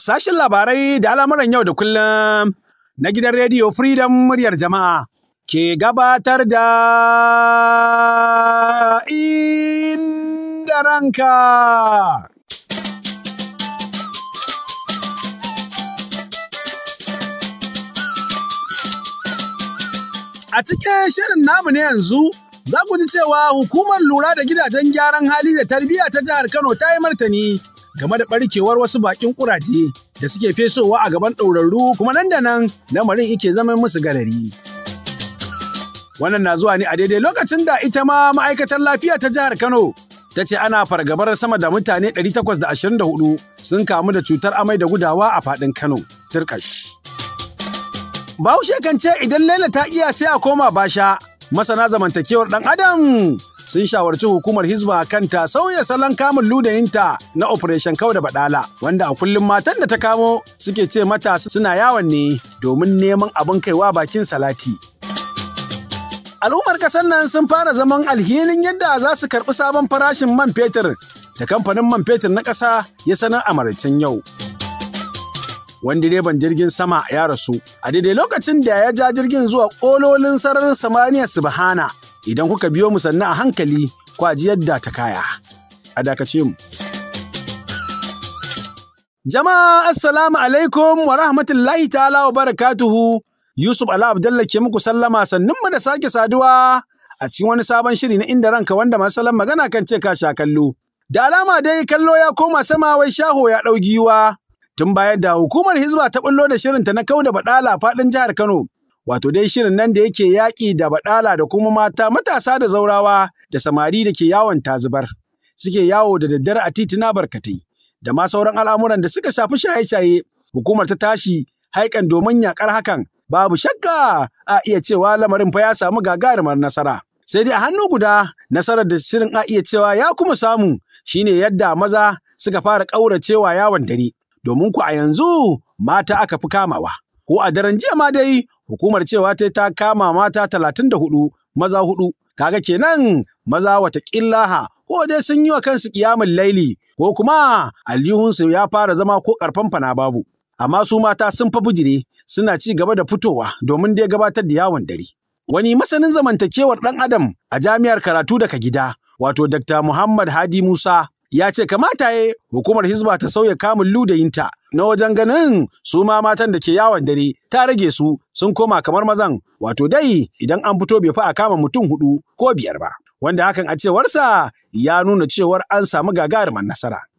Sashen labarai da al'amuran yau da kullum na gidan Rediyo Freedom muryar jama'a ke gabatar da inda ranka. A cikin shirin namu na yanzu, za ku ji cewa hukumar lura da gidajen gyaran hali da tarbiyya ta jihar Kano ta yi martani game da barkewar wasu bakin kuraje da suke fesowa a gaban ɗaurarru kuma nan da nan lamarin ike zama musu galari. Wannan na zuwa ne a daidai lokacin da ita ma ma'aikatar lafiya ta jihar Kano ta ce ana fargabar sama da mutane 824 sun kamu da cutar amai da gudawa a faɗin Kano, Turkash. Bahaushe kan ce idan Laila ta iya sai a koma basha, masana zamantakewar ɗan Adam sun shawarci hukumar Hizba kanta sauya salon kamun ludayinta na Operation Kau da Badala, wanda a kullum matan da ta kamo suke ce mata suna yawon ne domin neman abin kaiwa bakin salati. Al'ummar kasar nan sun fara zaman alhinin yadda za su karɓi sabon farashin man fetur da kamfanin man fetur na ƙasa ya sanar a maraicin yau. wani direban jirgin sama ya rasu a daidai lokacin da ya ja jirgin zuwa ƙololin sararin samaniya subhana Idan kuka biyo mu sannu a hankali ko ji yadda ta kaya. A dakace mu. Jama'a assalamu alaikum wa rahmatullahi ta'ala wa barakatuhu. Yusuf Ali Abdallah ke muku sallama sannun mu da sake saduwa a cikin wani sabon shiri na inda ranka wanda masu magana kan ce ka sha kallo. Da alama dai kallo ya koma sama wai shaho ya ɗau giwa. Tun bayan da hukumar Hizba ta ɓullo da shirinta na kau da baɗala faɗin jihar Kano Wato dai shirin nan da yake yaƙi da baɗala da kuma mata matasa da zaurawa da samari da ke yawon tazubar, suke yawo da daddare a titina barkatai, da ma sauran al'amuran da suka shafi shaye-shaye, hukumar ta tashi haikan domin yaƙar hakan, babu shakka a iya cewa lamarin fa ya samu gagarumar nasara. Sai dai a hannu guda nasarar da shirin a iya cewa ya kuma samu shine yadda maza suka fara ƙauracewa yawon dare, domin ku a yanzu mata aka fi kamawa. Ko a daren jiya ma dai hukumar cewa ta ta kama mata talatin da hudu maza hudu kaga kenan maza watakillaha ko dai sun yi wa kansu kiyamun laili ko kuma aljihunsu ya fara zama ko karfan fana babu amma su mata sun fa bijire suna ci gaba da fitowa domin dai gabatar da yawon dare wani masanin zamantakewar ɗan adam a jami'ar karatu daga gida wato dr muhammad hadi musa ya ce kamata ya hukumar hizba ta sauya kamun ludayinta na wajen ganin su ma matan da ke yawon dare ta rage su sun koma kamar mazan wato dai idan an fito bai fi a kama mutum hudu ko biyar ba wanda hakan a cewarsa ya nuna cewar an samu gagarumar nasara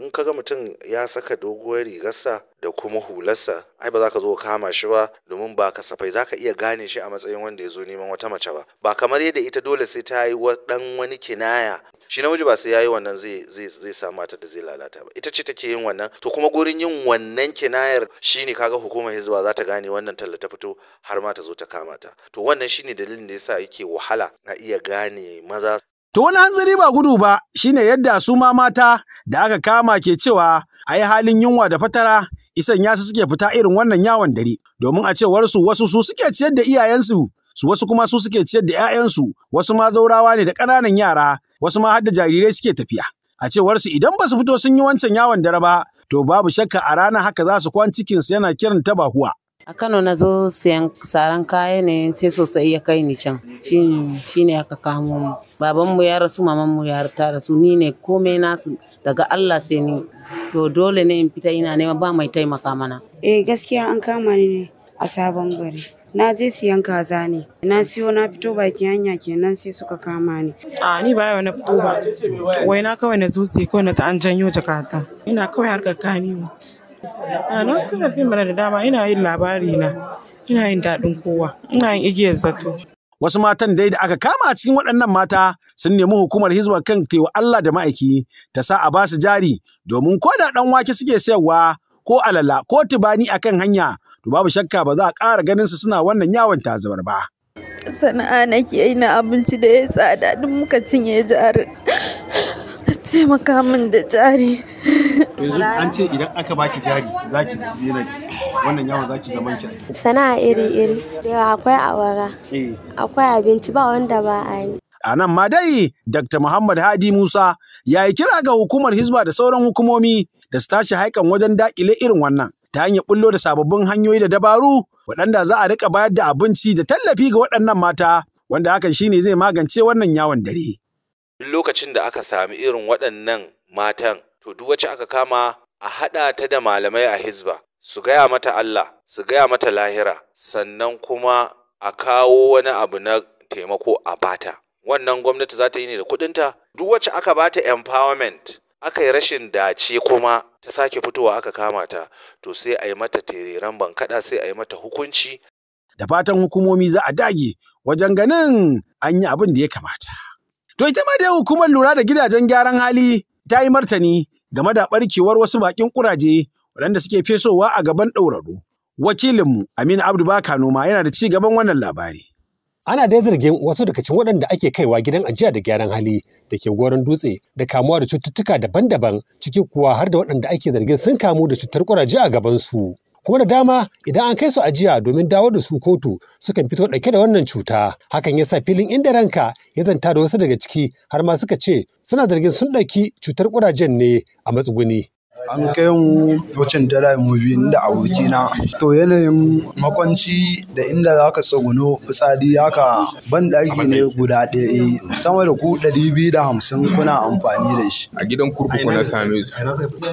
in ga mutum ya saka doguwar rigarsa da kuma hularsa ai ba za ka zo kama shi ba domin ba kasafai za ka iya gane shi a matsayin wanda ya zo neman wata mace ba ba kamar yadda ita dole sai ta yi dan wani kinaya shi namiji ba sai ya yi wannan zai zai mata da zai lalata ba ita ce take yin wannan to kuma gurin yin wannan kinayar shine kaga hukumar hizba za ta gane wannan talla ta fito har ma ta zo ta kama ta to wannan shine dalilin da ya sa yake wahala na iya gane maza To wani hanzari ba gudu ba shine yadda su ma mata da aka kama ke cewa a yi halin yunwa da fatara isan yasu suke fita irin wannan yawon dare domin a cewar su wasu su suke ciyar da iyayensu su wasu kuma su suke ciyar da 'ya'yansu wasu ma zaurawa ne da ƙananan yara wasu ma har da jarirai suke tafiya. A cewar su idan ba su fito sun yi wancan yawon dare ba to babu shakka a ranar haka za su kwan cikinsu yana kiran huwa. A Kano na zo sayan saran kaya ne sai sosai ya kai ni can. Shi ne aka kamo mu. Babanmu ya rasu, mamanmu ya ta rasu, ni ne komai nasu daga Allah sai ni. To dole ne in fita ina nema ba mai taimaka mana. Eh gaskiya an kama ni ne a sabon gari. Na je siyan kaza ne. Na siyo na fito baki hanya kenan sai suka kama ni. A ni ba yau na fito ba. Wai na kawai na zo sai kawai na ta an janyo jakata. Ina kawai harkar kani. A nan kara fim mana da dama ina yin labari na, ina yin daɗin kowa, ina yin igiyar zato. Wasu matan dai da aka kama a cikin waɗannan mata sun nemi hukumar hizbar kan tewa Allah da ma'aiki ta sa a basu jari domin ko da ɗan wake suke sayarwa ko alala ko tubani a kan hanya to babu shakka ba za a ƙara ganin su suna wannan yawon tazabar ba. Sana'a nake yi na abinci da ya tsada duk muka cinye jari. Taimaka min da jari. yanzu an ce idan aka baki jari za ki dina wannan yawon za ki zaman ki sana'a iri-iri akwai awara eh. akwai abinci ba wanda ba yi a nan ma dai dr muhammad hadi musa ya yi kira ga hukumar hizba da sauran hukumomi da su tashi haikan wajen dakile irin wannan ta hanyar bullo da sababbin hanyoyi da dabaru waɗanda za a rika bayar da abinci da tallafi ga waɗannan mata wanda hakan ne zai magance wannan yawon dare lokacin da aka sami irin waɗannan matan to duk wacce aka kama a haɗa ta da malamai a hizba su gaya mata Allah su gaya mata lahira sannan kuma a kawo wani abu na taimako a bata wannan gwamnati za ta yi ne da kudinta duk wacce aka bata empowerment aka yi rashin dace kuma ta sake fitowa aka kama ta to sai a yi mata tereren bankaɗa sai a yi mata hukunci da fatan hukumomi za a dage wajen ganin an yi abin da ya kamata. To ita ma da hukumar lura da gidajen gyaran hali ta yi martani game da barkewar wasu bakin ƙuraje waɗanda suke fesowa a gaban ɗauraru Wakilinmu Aminu Abdu Baka Noma yana da ci gaban wannan labari. Ana dai zargin wasu daga cikin waɗanda ake kaiwa gidan ajiya da gyaran hali da ke goron dutse da kamuwa da cututtuka daban-daban ciki kuwa har da waɗanda ake zargin sun kamu da cutar ƙuraje a gabansu. kuma da dama idan an kai su ajiya domin dawo da su kotu sukan fito ɗauke da wannan cuta hakan yasa filin inda ranka ya zanta da wasu daga ciki har ma suka ce suna zargin sun ɗauki cutar ƙurajen ne a matsuguni An kai mu wucin dare mu da abokina. To yanayin makwanci da inda za ka tsaguno, fitsari haka banɗaki ne guda ɗaya. Eh, sama da ku ɗari biyu da hamsin kuna amfani da shi. A gidan kurkuku na same su.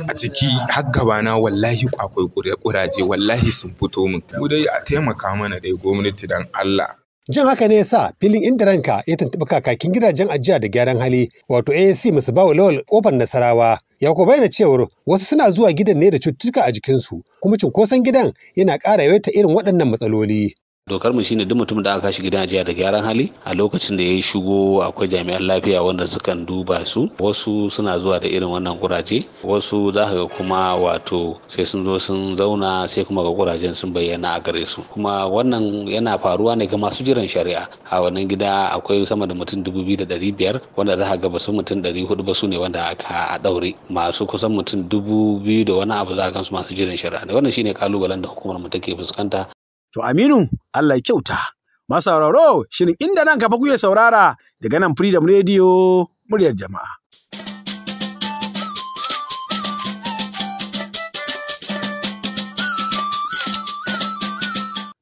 A ciki har gaba na, wallahi kwakwai ƙuraje wallahi sun fito min. Mu dai a taimaka mana dai gwamnati dan Allah. Jin haka ne ya sa filin inda ranka ya tuntuɓi kakakin gidajen ajiya da gyaran hali wato AAC musu bawa lawal kofar Nasarawa Ya ko bayyana cewar wasu suna zuwa gidan ne da cututtuka a jikinsu kuma cunkoson gidan yana ƙara yawaita irin waɗannan matsaloli. dokar mu shine duk mutum da aka shi gidan ajiya da gyaran hali a lokacin da ya shigo akwai jami'an lafiya wanda sukan duba su wasu suna zuwa da irin wannan kuraje wasu za ga kuma wato sai sun zo sun zauna sai kuma ga kurajen sun bayyana a gare su kuma wannan yana faruwa ne ga masu jiran shari'a a wannan gida akwai sama da mutum dubu biyu da ɗari biyar wanda za ga basu mutum ɗari hudu ba su ne wanda aka ɗaure masu kusan mutum dubu biyu da wani abu za a su masu jiran shari'a wannan shine kalubalen da hukumar mu take fuskanta To Aminu, Allah ya kyauta. masauraro shin inda nan kafa kuke saurara daga nan Freedom Radio muryar jama'a.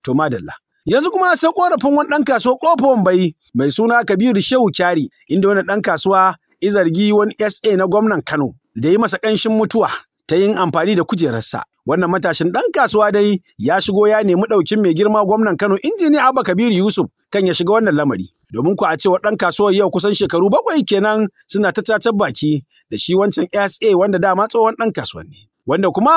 To madalla. Yanzu kuma sai korafin wani ɗan kasuwa ƙofofin bai mai suna Kabiru Shehu Kyari inda wani ɗan kasuwa ya wani SA na gwamnan Kano da yi masa ƙanshin mutuwa ta yin amfani da kujerarsa. Wannan matashin ɗan kasuwa dai ya shigo ya nemi ɗaukin mai girma gwamnan Kano injiniya Abba Kabiru Yusuf kan ya shiga wannan lamari. Domin ku a cewa ɗan kasuwar yau kusan shekaru bakwai kenan suna ta cacar baki da shi wancan SA wanda dama tsohon ɗan kasuwar ne. Wanda kuma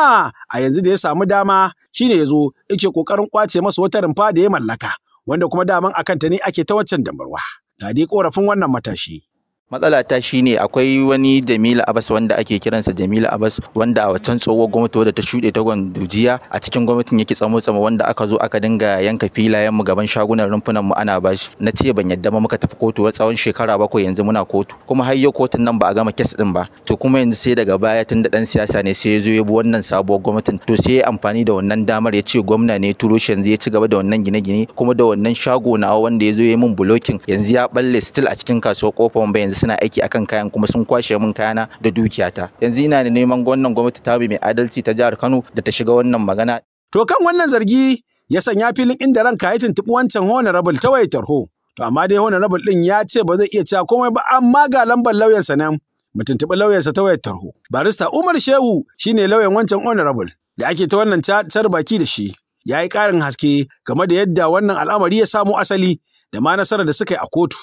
a yanzu da ya samu dama shi ne ya zo yake ƙoƙarin ƙwace masa wata rumfa da ya mallaka. Wanda kuma daman akan ta ne ake ta wancan damarwa. Ta dai ƙorafin wannan matashi. matsala ta ne akwai wani Jamila Abbas wanda ake kiransa Jamila Abbas wanda a wancan tsohuwar gwamnati wadda ta shuɗe ta gwandujiya a cikin gwamnatin yake tsamo tsamo wanda aka zo aka dinga yanka filayen mu gaban shagunan rumfunan mu ana bashi na ce ban yadda ba muka tafi kotu tsawon shekara bakwai yanzu muna kotu kuma har yau kotun nan ba a gama kes din ba to kuma yanzu sai daga baya tun da dan siyasa ne sai ya zo ya bi wannan sabuwar gwamnatin to sai ya amfani da wannan damar ya ce gwamna ne turo shi yanzu ya ci gaba da wannan gine-gine kuma da wannan shago nawa wanda ya zo ya min blocking yanzu ya balle still a cikin kasuwar kofar ba yanzu suna aiki akan kayan kuma sun kwashe mun kayana da dukiyata yanzu ina da neman gwamnan gwamnati ta mai adalci ta jihar Kano da ta shiga wannan magana to kan wannan zargi ya sanya filin inda ranka ya tuntuɓi wancan honorable ta wayar tarho to amma dai honorable din ya ce ba zai iya cewa komai ba amma ga lambar lauyansa nan mu tuntuɓi sa ta tarho barista Umar Shehu shine lauyan wancan honorable da ake ta wannan car baki da shi ya yi ƙarin haske game da yadda wannan al'amari ya samo asali da ma nasarar da suka yi a kotu.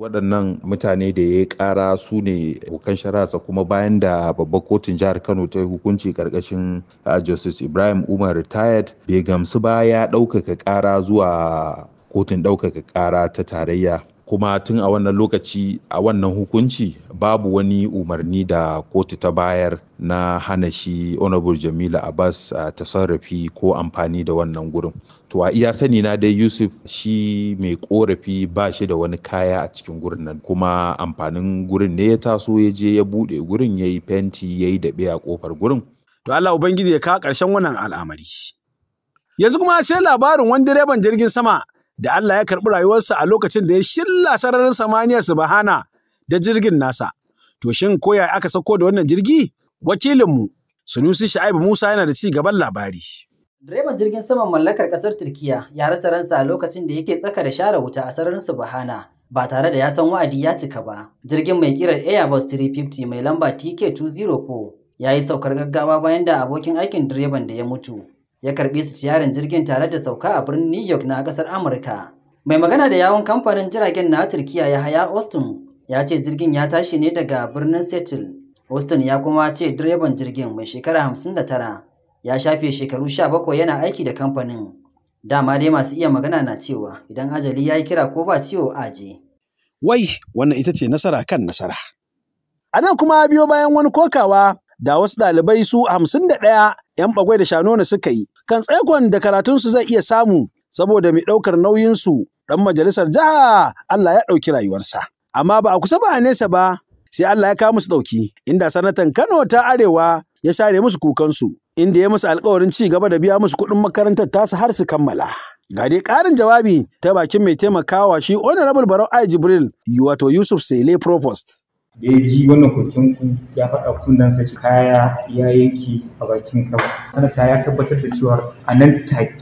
waɗannan mutane da ya ƙara su ne abokan shari'arsa kuma bayan da babbar kotun jihar kano ta yi hukunci ƙarƙashin ah, justice ibrahim umar retired bai gamsu ba ya ɗaukaka ƙara zuwa kotun ɗaukaka ƙara ta tarayya kuma tun a wannan lokaci a wannan hukunci babu wani umarni da kotu ta bayar na hana shi honorable jamila abbas a tasarrafi ko amfani da wannan gurin to a iya sani na dai yusuf shi mai korafi ba shi da wani kaya a cikin gurin nan kuma amfanin gurin ne ya taso ya je ya bude gurin ya yi fenti ya yi daɓe a kofar gurin to allah ubangiji ya kawo ƙarshen wannan al'amari yanzu kuma sai labarin wani direban jirgin sama da Allah ya karɓi rayuwarsa a lokacin da ya shilla sararin samaniya bahana da jirgin nasa. To shin koya aka sauko da wannan jirgi? Wakilinmu Sunusi Sha'ibu Musa yana da ci gaban labari. Direban jirgin saman mallakar ƙasar Turkiyya ya rasa ransa a lokacin da yake tsaka da share wuta a sararin su bahana, ba tare da ya san wa'adi ya cika ba. Jirgin mai kirar Airbus 350 mai lamba TK204 ya yi saukar gaggawa bayan da abokin aikin direban da ya mutu. ya karbi su ciyarin jirgin tare da sauka a birnin New York na kasar Amurka. Mai magana da yawon kamfanin jiragen na Turkiya ya haya Austin ya ce jirgin ya tashi ne daga birnin Seattle. Austin ya kuma ce direban jirgin mai shekara 59 ya shafe shekaru 17 yana aiki da kamfanin. Dama dai masu iya magana na cewa idan ajali ya yi kira ko ba ciwo aje. Wai, wannan ita ce nasara kan nasara. A nan kuma biyo bayan wani kokawa da wasu ɗalibai su hamsin da ɗaya 'yan bagwai da shanona suka yi kan tsaikon da karatunsu zai iya samu saboda mai ɗaukar nauyinsu ɗan majalisar jiha Allah ya ɗauki rayuwarsa. Amma ba a kusa ba a nesa ba sai Allah ya kawo musu ɗauki inda sanatan Kano ta Arewa ya share musu kukansu inda ya musu alkawarin ci gaba da biya musu kuɗin makarantar ta su har su kammala. Ga dai ƙarin jawabi ta bakin mai taimakawa shi Honorable Barau Ai Jibril wato Yusuf Sele Propost. da ji wannan koken ku ya faɗa nan sa kaya ya yanke a bakin kan sanata ya tabbatar da cewa a nan take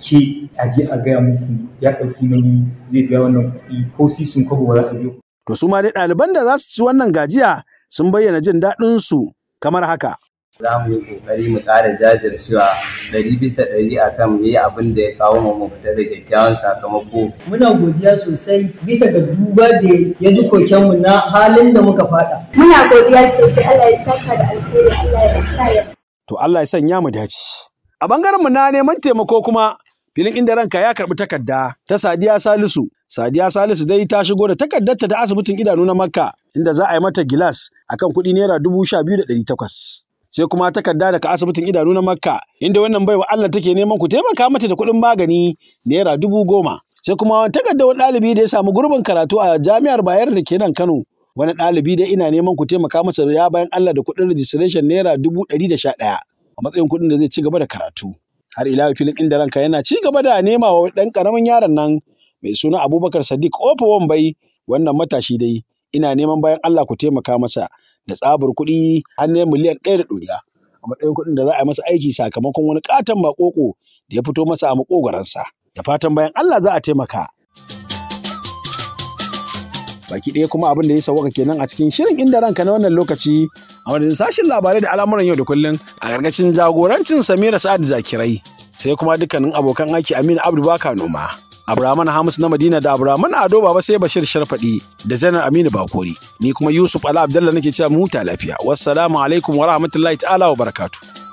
a je a gaya muku ya ɗauki nauyi zai biya wannan kuɗi ko sisin kwabo ba za a biyo. to su ma dai ɗaliban da za su ci wannan gajiya sun bayyana jin daɗin su kamar haka. za mu yi ƙoƙari mu ƙara jajircewa ɗari bisa ɗari a kan yi abin da ya kawo mu fita da kyakkyawan sakamako. Muna godiya sosai bisa ga duba da ya ji kokenmu na halin da muka faɗa. Muna godiya sosai Allah ya saka da alheri Allah ya sa ya. To Allah ya sanya mu dace. A bangaren mu na neman taimako kuma filin inda ranka ya karɓi takarda ta Sadiya Salisu. Sadiya Salisu dai ta shigo da takardarta da asibitin idanu na Makka inda za a yi mata gilas akan kuɗi naira dubu sha biyu da ɗari takwas. sai kuma takarda daga asibitin idanu na makka inda wannan baiwa allah take neman ku taimaka mata da kuɗin magani naira dubu goma sai kuma takarda wani ɗalibi da ya samu gurbin karatu a jami'ar bayar da ke nan kano wani ɗalibi da ina neman ku taimaka masa ya bayan allah da kuɗin registration naira dubu ɗari da sha ɗaya a matsayin kuɗin da zai ci gaba da karatu har ila filin inda ranka yana ci gaba da nema wa ɗan ƙaramin yaron nan mai suna abubakar sadiq ofa wambai wannan matashi dai ina neman bayan Allah ku taimaka masa da tsabar kuɗi har ne miliyan ɗaya da ɗoriya a matsayin kuɗin da za a yi masa aiki sakamakon wani katon makoko da ya fito masa a makogaransa da fatan bayan Allah za a taimaka. baki ɗaya kuma abin da ya sauwaka kenan a cikin shirin inda ranka na wannan lokaci a wajen sashin labarai da al'amuran yau da kullum a gargashin jagorancin samira sa'ad zakirai sai kuma dukkanin abokan aiki aminu abdu baka noma. Abraman Hamus na Madina da Abraman Ado Baba sai Bashir Sharfadi da Zainab Aminu Bakori. Ni kuma Yusuf Ala Abdallah nake cewa mu ta lafiya. Wassalamu alaikum wa rahmatullahi ta'ala wa barakatuh.